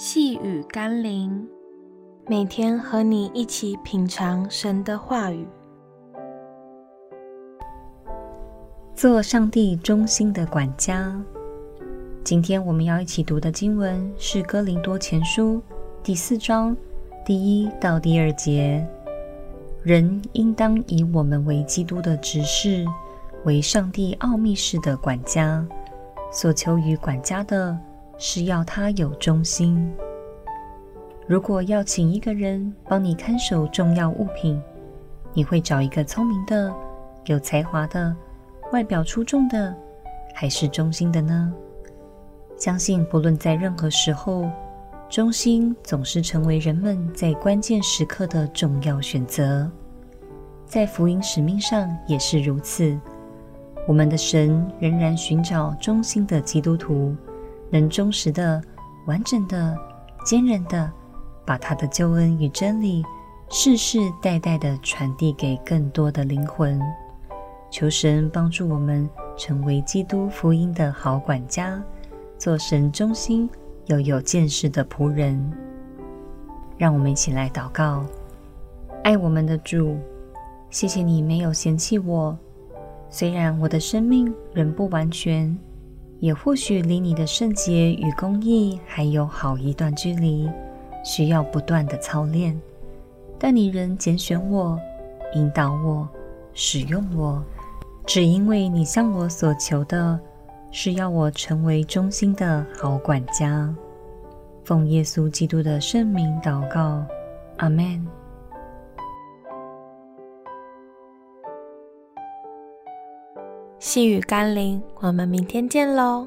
細語甘霖，每天和你一起品嘗神的話語，做上帝忠心的管家。今天我們要一起讀的經文是《哥林多前書》第四章第一到第二節。人應當以我們為基督的執事，為上帝奧祕事的管家。所求於管家的。是要他有忠心。如果要請一個人幫你看守重要物品，你會找一個聰明的、有才華的、外表出眾的，還是忠心的呢？相信不論在任何時候，忠心總是成為人們在關鍵時刻的重要選擇。在福音使命上也是如此。我們的神仍然尋找忠心的基督徒。能忠實的、完整的、堅韌的，把他的救恩與真理世世代代的傳遞給更多的靈魂。求神幫助我們成為基督福音的好管家，做神忠心又有，有見識的僕人。讓我們一起來禱告：愛我們的主，謝謝你沒有嫌棄我，雖然我的生命仍不完全。也或許離你的聖潔與公義還有好一段距離，需要不斷的操練。但你仍揀選我，引導我，使用我，只因為你向我所求的是要我成為忠心的好管家。奉耶穌基督的聖名禱告，阿們。細語甘霖，我們明天見嘍。